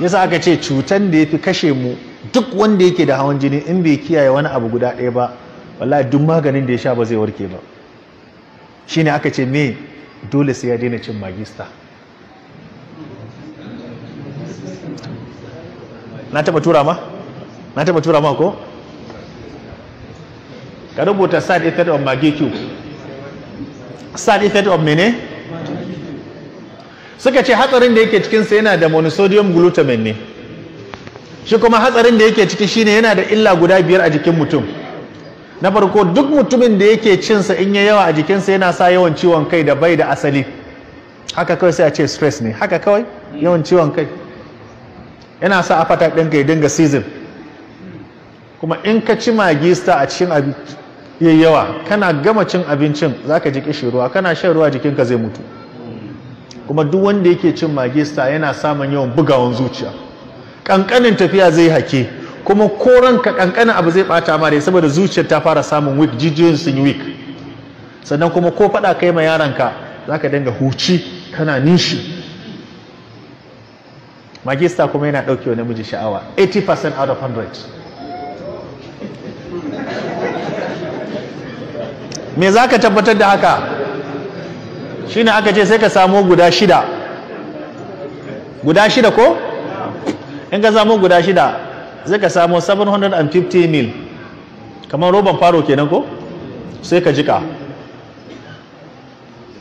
yasa aka ce cutan da ya fi kashe mu duk wanda yake da hawan jini in bai kiyaye wani abu guda ɗaya ba wallahi duk maganin da ya sha ba zai warke ba shine aka ce me dole sai ya daina cin magista na taba tura ma na taba tura ma ko ka rubuta side effect of magic side effect of mene suka ce hatsarin da yake cikinsa yana da monosodium glutamine ne shi kuma hatsarin da yake ciki shine yana da illa guda biyar a jikin mutum na farko duk mutumin da yake cinsa in ya yawa a jikinsa yana sa yawan ciwon kai da bai da asali haka kawai sai a ce stress ne haka kawai yawan ciwon kai yana sa afata ɗinka ya dinga season kuma in ka ci magista a cikin abinci yawa kana gama cin abincin zaka ji kishi ruwa kana shan ruwa jikinka zai mutu kuma duk wanda yake cin Magista yana samun yawan bugawan zuciya kankanin tafiya zai hake kuma ko ranka kankanin abu zai bata ma saboda zuciyar ta fara samun weak jijiyoyin sun yi weak sannan kuma ko faɗa kai ma yaranka ka dinga huci kana nishi magista kuma yana ɗauke wa namiji sha'awa 80% out of 100 me za ka tabbatar da haka shine aka ce sai ka samo guda shida guda shida ko in ka samo guda shida sai ka samo 750 mil kamar roban faro kenan ko sai ka jika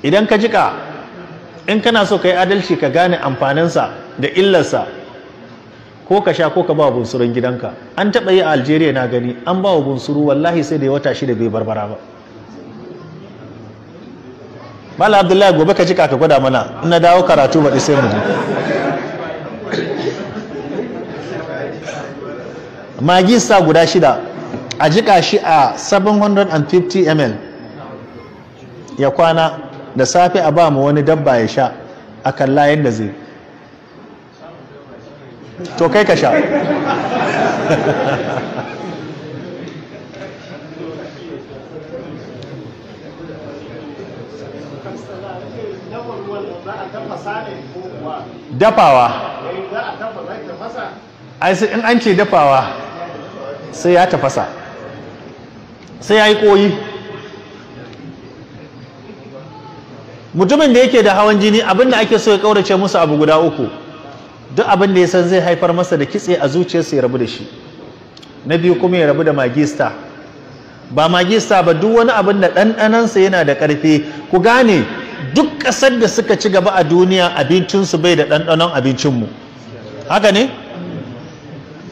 idan ka jika in kana so ka yi adalci ka gane amfaninsa da illarsa ko ka sha ko ka ba bunsurin gidanka an taɓa yi a algeria na gani an ba wa bunsuru wallahi sai da ya wata shida bai barbara ba mala abdullahi gobe ka jika ka gwada mana na dawo karatu baɗi sai mu sa guda shida a jika shi a 750 ml ya kwana da safe a ba mu wani dabba ya sha a kalla yadda zai to kai ka sha dafawa eh, ai in an ce dafawa sai ya tafasa sai ya yi koyi mutumin da yake da hawan jini abinda ake so ya kaurace musu abu guda uku duk abinda ya san zai haifar masa da kitse a zuciyarsa ya rabu da shi na biyu kuma ya rabu da magista ba magista ba duk wani abin da ɗanɗanansa yana da ƙarfi ku gane duk ƙasar da suka ci gaba a duniya abincinsu bai da ɗanɗanon abincinmu haka ne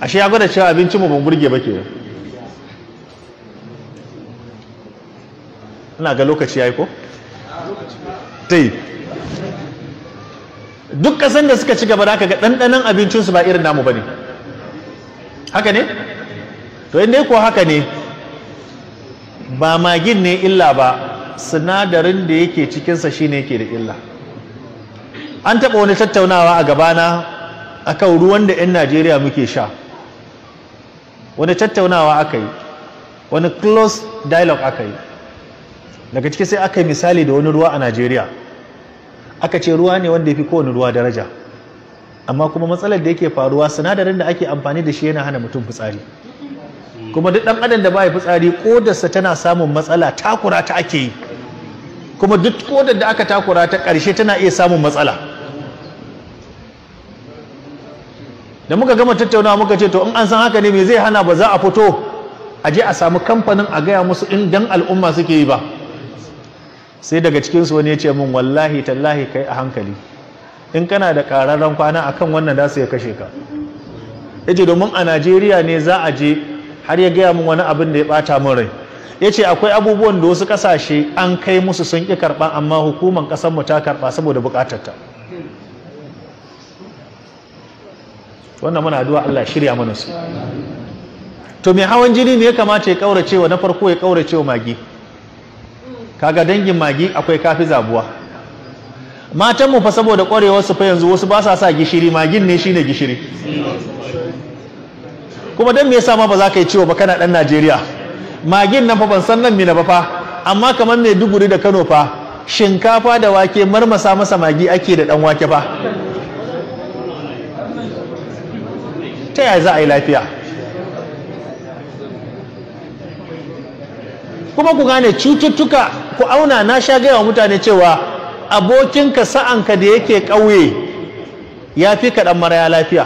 ashe ya gwada cewa abincinmu ban burge ba ke ina ga lokaci ya yi ko? tai duk ƙasar da suka ci gaba da ga ɗanɗanon abincinsu ba irin namu ba ne haka ne? to inda ko haka ne ba magin ne illa ba sinadarin da yake cikinsa shine yake da illa an taɓa wani tattaunawa a gabana a kan ruwan da 'yan najeriya muke sha wani tattaunawa aka yi wani close dialogue aka yi daga ciki sai aka yi misali da wani ruwa a najeriya aka ce ruwa ne wanda ya fi kowane ruwa daraja amma kuma matsalar da yake faruwa sinadarin da ake amfani da shi yana hana mutum fitsari kuma duk ɗan adam da ba ya fitsari sa tana samun matsala takura ta ake yi kuma duk kodar da aka takura ta ƙarshe tana iya samun matsala da muka gama tattaunawa muka ce to in an san haka ne me zai hana ba za a fito a je a samu kamfanin a gaya musu in dan al'umma suke yi ba sai daga cikinsu wani ya ce min wallahi tallahi kai a hankali in kana da ƙararren kwana akan wannan za su ya kashe ka ya ce domin a najeriya ne za a je har ya gaya min wani abin da ya ɓata min rai ya ce akwai abubuwan da wasu kasashe an kai musu sun ƙi karɓa amma hukumar ƙasarmu ta karɓa saboda buƙatarta wannan muna duwa Allah shirya mana su to mai hawan jini ne ya kamata ya ƙaurace wa na farko ya ƙaurace wa magi kaga dangin magi akwai kafi zabuwa matanmu fa saboda ƙwarewar su fa yanzu wasu ba sa sa gishiri magin ne shine gishiri kuma don me yasa ma ba za ka yi ciwo ba kana ɗan Najeriya magin nan fa ban san nan mina ba fa amma kamar mai duguri da Kano fa shinkafa da wake marmasa masa magi ake da dan wake ba. ta yaya za a yi lafiya kuma ku gane cututtuka ku auna na sha gaya wa mutane cewa abokinka sa'anka da yake ƙauye ya fi kaɗan maraya lafiya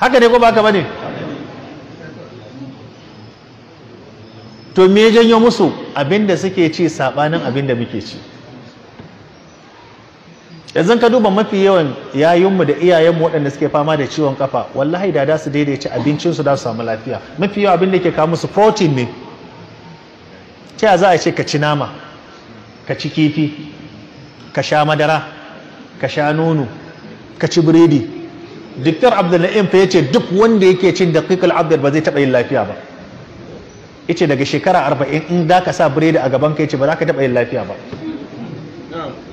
haka ne ko baka bane ne to me janyo musu abinda suke ci sabanin abinda muke ci yanzu ka duba mafi yawan yayinmu da iyayenmu waɗanda suke fama da ciwon kafa wallahi da da su daidaita su da su samu lafiya mafi yawa abinda ke kawo musu protein ne ta za a ce ka ci nama ka ci kifi ka sha madara ka sha nono ka ci biredi diktar abdullahi fa ya ce duk wanda yake cin daƙiƙar abdul ba zai taɓa yin lafiya ba ice daga shekara arba'in in za ka sa biredi a gaban ka yace ba za ka taɓa yin lafiya ba